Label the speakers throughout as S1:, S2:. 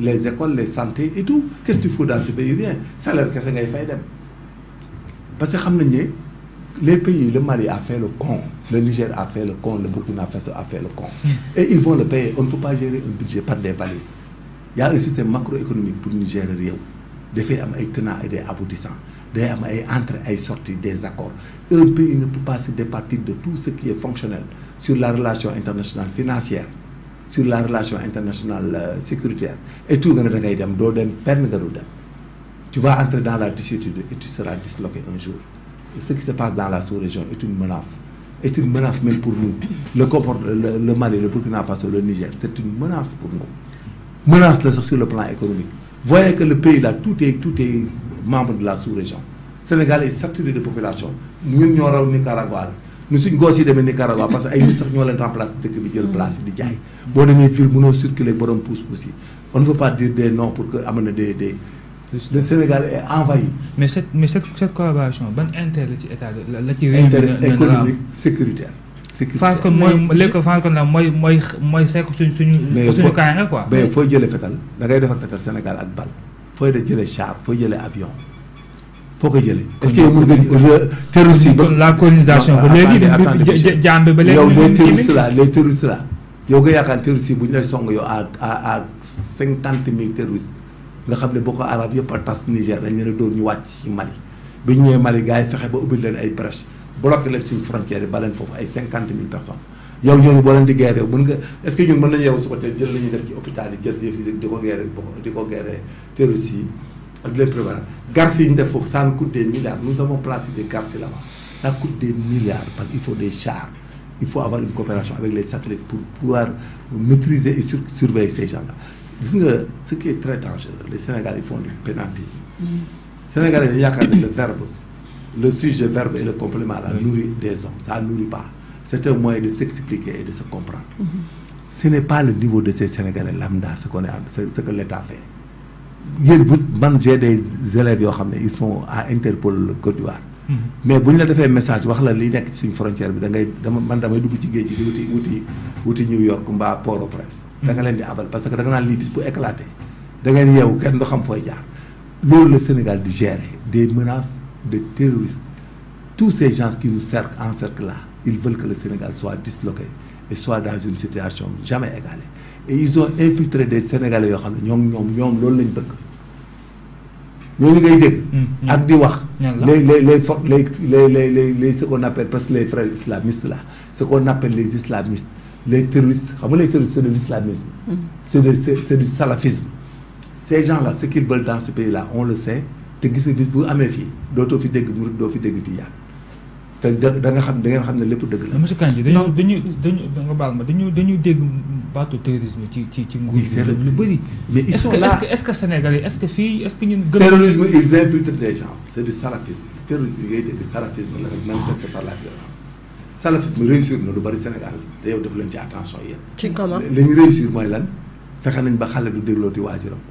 S1: les écoles, les santé et tout. Qu'est-ce qu'il faut dans ce pays Rien. Salaire, qu'est-ce que tu Parce que les pays, le Mali a fait le con, le Niger a fait le con, le Burkina Faso a fait le con. Et ils vont le payer. On ne peut pas gérer un budget par des valises. Il y a un système macroéconomique pour Niger rien. Des faits, il y a des tenants et des aboutissants. Des entrées et sorties, des accords. Un pays ne peut pas se départir de tout ce qui est fonctionnel sur la relation internationale financière sur la relation internationale euh, sécuritaire et tout ne va tu vas entrer dans la dissuétude et tu seras disloqué un jour ce qui se passe dans la sous-région est une menace est une menace même pour nous le Mali le Burkina Faso le Niger c'est une menace pour nous menace sur le plan économique voyez que le pays là tout est tout est membre de la sous-région Sénégal est saturé de population nous, ignorons raw Nicaragua nous suñ goos yi demee Nicaragua parce que ay nit sax ñoo leen remplace dëkk bi jël place di jaay boo demee ville mënoo circuler borom pousse pousse on ne veut pas dire des noms pour que am des des le Sénégal est envahi. mais cette mais cette cette collaboration ban intérêt la ci état la ci. intérêt économique sécuritaire. sécuritaire parce que mooy léegi parce que mooy mooy mooy sekk suñ suñu. suñu kaay nga quoi. mais fooy jëlee fetal da ngay defar fetal Sénégal ak faut fooy jëlee char faut jëlee avion. foo ko jëlee est-ce que yow mën nga terroriste yi ba la colonisation yaakaar terroristes yi bu ñu lay song yow à à à cinquante mille terroristes nga xam ne Boko Haram yëpp a tas Niger dañ leen a dóor ñu wàcc ci Mali bi ñu ñëwee Mali gars yi fexe ba ubbi leen ay brèche bloqué leen suñu frontière ay cinquante mille personnes yow ñooñu boo leen di guerre mën nga est ñun mën nañu yow suba teel jël la ñuy def ci hôpital yi jël yëf yi di ko guerre di ko guerre terroristes yi Hein. de une ça nous coûte des milliards. Nous avons placé des garcis là-bas. Ça coûte des milliards parce qu'il faut des chars. Il faut avoir une coopération avec les satellites pour pouvoir maîtriser et surveiller ces gens-là. Ce qui est très dangereux, les Sénégalais font du pénalisme mm. Sénégalais, il y a quand même le verbe, le sujet verbe et le complément, la nourrit des hommes. Ça nourrit pas. C'est un moyen de s'expliquer et de se comprendre. Mm-hmm. Ce n'est pas le niveau de ces Sénégalais lambda, ce, ce que l'État fait yéen bu man j'ai des élèves yoo xam ne ils sont à Interpol Côte d'Ivoire. Mhm. mais bu ñu la defee message wax la li nekk ci suñu frontière bi da ngay dama man damay dugg ci géej gi di wuti wuti wuti New York mbaa Port-au-Prince. da nga leen di abal parce que da nga naan lii bis bu éclaté da ngeen yeewu kenn du xam fooy jaar. loolu le Sénégal di gérer des menaces de terroristes tous ces gens qui nous cerclent cercle là ils veulent que le Sénégal soit disloqué et soit dans une situation jamais égalée et ils ont infiltré des Sénégalais yoo xam ne ñoom ñoom ñoom loolu lañ bëgg ñooñu ngay dégg. Mm, ak di wax. les les les les les les les ce qu'on appelle parce que les frères islamistes là ce qu'on appelle les islamistes les terroristes xam nga les terroristes c'est de l'islamisme. Mm. c'est de c'est du salafisme. ces gens là ce qu'ils veulent dans ce pays là on le sait te gis nga bis bu amee fii dootoo fi dégg murid doo fi dégg tijaan. te da nga xam da ngeen xam ne lépp dëgg la. monsieur Kandji dañu dañu dañu nga baal ma dañu dañu dégg baatu terrorisme ci ci ci nguur lu bëri. mais ils sont là est fii est ce que ñun. gën terrorisme ils na lu bëri Sénégal te yow def leen ci attention yéen. ci comment ñu réussir mooy lan. fexe nañ ba xale du dégloo ti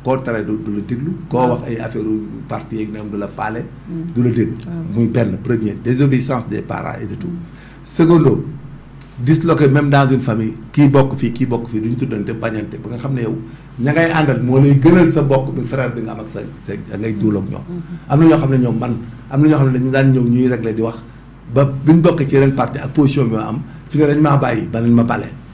S1: koo tere du du la déglu koo wax ay affaire parti yeeg nag du la faale mm. du la déglu muy benn premier désobéissance des parents et de tout mm. secondo disloqué même dans une famille kii bokk fii kii bokk fii duñ tuddante bañante ba nga xam ne yow ña ngay àndal moo lay gënal sa bokk bi frère bi nga am ak sa sa ngay duul ak ñoom mm-hmm. am na ñoo xam ne ñoom man am na ñoo xam ne dañu daan ñëw ñuy régler di wax ba biñ bokk ci yeneen parti ak position bi ma am fi ne dañ maa bàyyi ba nañ ma bale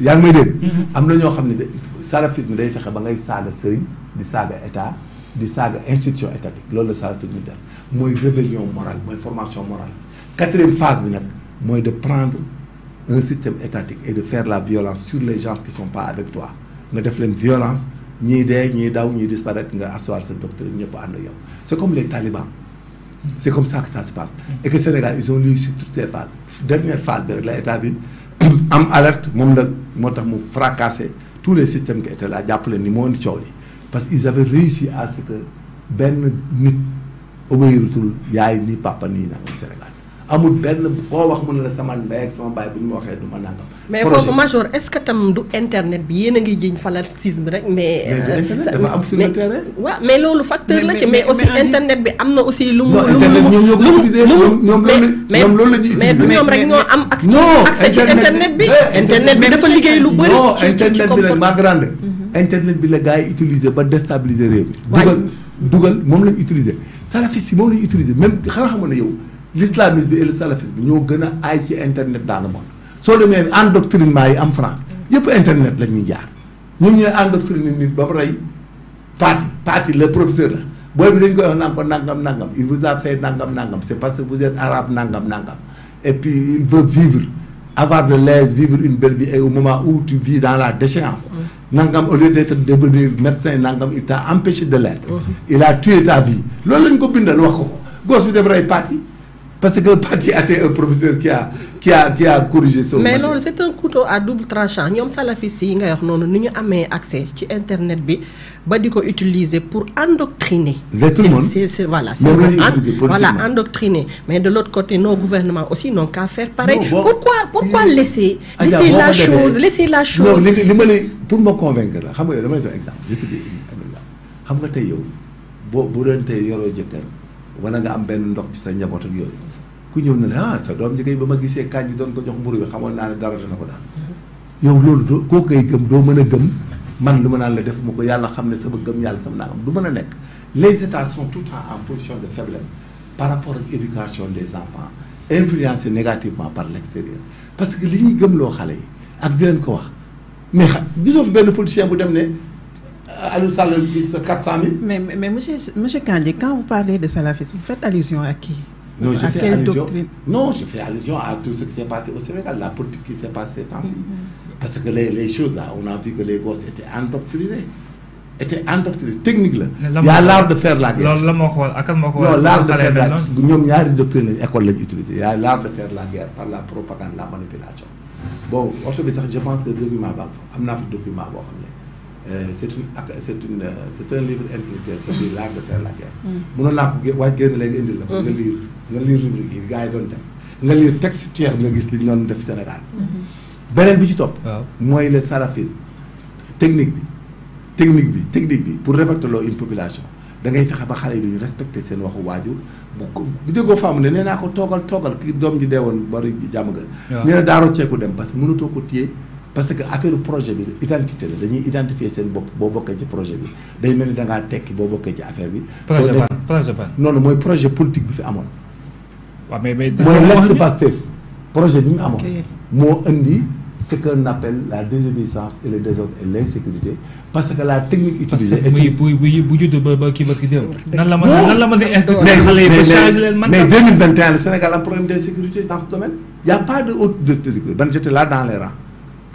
S1: yaa ngi may dégg. Mm-hmm. am na ñoo xam ne de salafisme day fexe ba ngay saaga sëriñ di saaga état di saaga institution étatique loolu la salafisme def mooy rébellion morale mooy formation morale. quatrième phase bi nag mooy de prendre un système étatique et de faire la violence sur les gens qui sont pas avec toi nga def leen violence ñiy dee ñiy daw ñiy disparaître nga asseoir sa doctrine ñëpp ànd ak yow c'est comme les talibans. c'est comme ça que ça se passe. Mm-hmm. et que Sénégal ils ont lu toutes ces phases dernière phase bi rek la état bi. am alerte moom la moo tax mu fracassé tous les systèmes qui étaient là jàppale ni moo indi coow li parce qu'ils avaient réussi à ce que benn nit obéirutul yaay ni papa nii na Sénégal amul ben boo wax mu la sama ndey ak sama baay buñ mo ma duma du ma nangam. mais foofu major est-ce que tam du internet bi yéen ngi jiñ fanatisme rek mais. Euh, dafa am sur le terrain. waaw mais loolu facteur la ci mais aussi internet bi amna na aussi. lu mu lu mu lañu mais du ñoom rek ñoo am. accès ci internet bi internet bi dafa liggéey lu bari ci internet bi la ma grande. Mhm. internet bi la gars utiliser ba déstabiliser réew mi. dugal dugal mom lañ utiliser salafiste yi moom lañ utiliser même xana xamone yow l'islamisme et le salafisme ils ñoo gën a aay internet dans le monde soo demee endoctrinement yi am France yëpp internet la ñuy jaar ñoom ñooy endoctriner nit ba mu rey parti parti le professeur la booy bi dañ koy wax nangam nangam il vous a fait nangam nangam c'est parce que vous êtes arabe nangam nangam et puis il veut vivre avoir de l'aise vivre une belle vie et au moment où tu vis dans la déchéance mm. nangam au lieu d'être devenir médecin nangam il t'a empêché de l'être mm-hmm. il a tué ta vie loolu lañ ko bindal wax ko ko gosse bi dem rey parti parce que Patti a été un professeur qui a, qui a, qui a corrigé ça. Mais non, c'est un couteau à double tranchant. Nous avons accès à Internet pour utiliser pour endoctriner. Mais tout le monde. C'est voilà, hein? voilà, endoctriner. Mais de l'autre côté, nos gouvernements aussi n'ont qu'à faire pareil. Non, bon, pourquoi pourquoi il... laisser, laisser la chose, laisser la chose non, les, les, les, Pour me convaincre, je vais te donner un exemple. Je te dis un exemple. Tu sais, si tu as un jëkkër wala nga am benn ndox ci sa njaboot ak yooyu
S2: ku ñëw na ne ah
S1: sa doom ji kay ba ma gisee kañ bi doon ko jox mburu bi xamoon naa dara dana ko daan mm-hmm. yow loolu doo koo koy gëm doo mën man luma ma la def ma yalla xamne xam ne sama gëm yàlla sama naagam du mën nek les états sont tout le temps en position de faiblesse par rapport à l'éducation des enfants influencé négativement par l'extérieur parce que li ñuy lo xalé ak di len ko wax mais xa gisoo fi benn politicien bu dem ne ah, Aliou Sall sa 400000. mais mais monsieur monsieur Kandji quand vous parlez de salafisme vous faites allusion à qui.
S2: Non, je fais allusion.
S1: Non, j'ai fait allusion à tout ce qui s'est passé au Sénégal, la politique qui s'est passée mm-hmm. Parce que les, les, choses là, on a vu que les gosses étaient endoctrinés. Étaient endoctrinés. Technique là. Il y a l'art de faire la guerre. Non, l'art de faire la guerre. Nous avons doctrine école utilisée. Il y a l'art de faire la guerre par la propagande, la manipulation. Bon, aujourd'hui, je pense que le document, document, euh, euh, c'est un livre intellectuel qui dit l'art de faire la guerre. Nous avons dit que nous le lire nga liir rubrique yi gars yi doon def nga liir texte tiers nga gis li ñu def Sénégal. beneen bi ci topp. mooy le salafisme technique bi technique bi technique bi pour révolter loo une population da ngay fexe ba xale yi duñu respecté seen waxu waajur bu ko bu déggoo faamu ne nee naa ko toogal toogal ki doom ji dee bari jàmm gën. ñu ne daaroo ceeku dem parce que mënatoo ko téye. parce que affaire projet bi identité la dañuy identifier seen bopp boo bokkee ci projet bi day mel ni da ngaa tekki boo bokkee ci affaire bi. projet ban projet ban. noonu mooy projet politique bi fi amoon. Moi, mais mais. pas l'ex projet bi ñu amoon. ce qu'on appelle la désobéissance et le désordre et l'insécurité parce que la technique utilisée. est. que bu oui bu la mais mais mais 2021 le Sénégal a un problème d'insécurité dans ce domaine. il n'y a pas de haute de sécurité ban là dans les rangs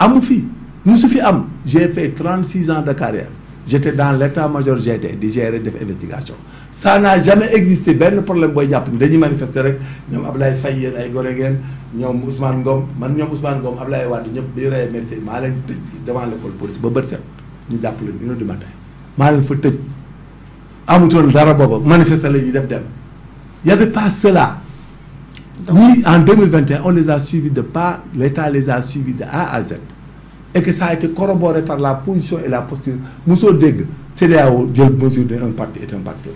S1: amu fi nous fi am j'ai fait 36 ans de carrière j'étais dans l'état-major j'étais di gérer def investigation ça n'a jamais existé benn problème booy jàpp ni dañuy manifester rek ñoom Ablaye Faye yéen ay gore ngeen ñoom Ousmane Ngom man ñoom Ousmane Ngom Ablaye Wade ñëpp bi ñu reyee merci maa leen tëj devant l'école police ba bët set ñu jàpp leen une heure du matin maa leen fa tëj amutoon dara booba manifester la ñuy def dem y avait pas cela en 2021 on les a suivis de pas l'état les a suivis de A à Z et que ça a été corroboré par la position et la posture mosoo dégg c'est là mesure de parti est un parti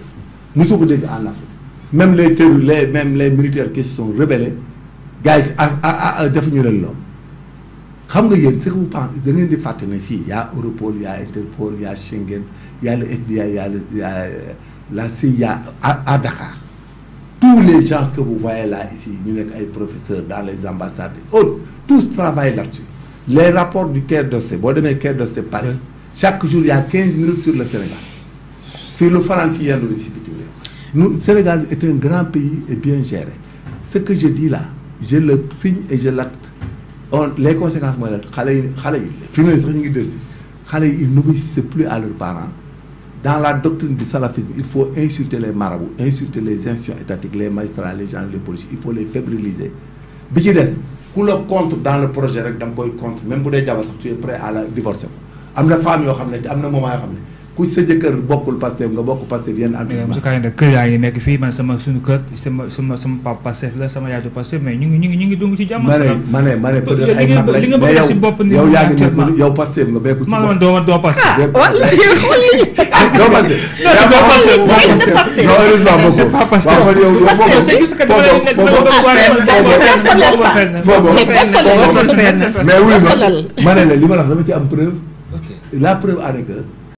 S1: terroriste en Afrique même les même les militaires qui se sont rebellés gars ont l'homme l'homme. ce que vous pensez da y' a Europol il y' a Interpol Il y' a Schengen il y' a le FBI y' a y' a la CIA à Dakar tous les gens que vous voyez là ici Les professeurs dans les ambassades tous travaillent là-dessus les rapports du Quai d'Orsay Quai d'Orsay Paris chaque jour il y' a 15 minutes sur le Sénégal Le le Sénégal est un grand pays et bien géré ce que je dis là je le signe et je l'acte les conséquences moi, les xale ils n'obéissent plus à leurs parents dans la doctrine du salafisme il faut insulter les marabouts insulter les institutions étatiques les magistrats les gens les policiers il faut les fébriliser bi le le compte dans le projet même si tu es prêt à divorcer Tu am la femme femmes, xam moment ku sa jëkkër bokkul Pastef nga bokk Pastef yenn àdduna bi. mais kër yaa ngi nekk fii man sama suñu kër sama sama sama papa Pastef la sama yaay du Pastef mais ñu ngi ñu ngi ñu ngi dund ci jàmm. ma ne ma ne ma ne peut être ay mag lañ mais yow yow yaa ngi nekk yow Pastef nga beeku ci bopp. ma doo doo Pastef. wala yow wala yow.
S2: doo Pastef. yow doo Pastef doo Pastef. non heureusement bokkul waaw man yow yow bokkul. Pastef c'est juste que dama leen ne dama bëgg waa c'est personnel ça. mais wuyu ma ma
S1: ne la li ma la wax dama ci am preuve. la preuve en est que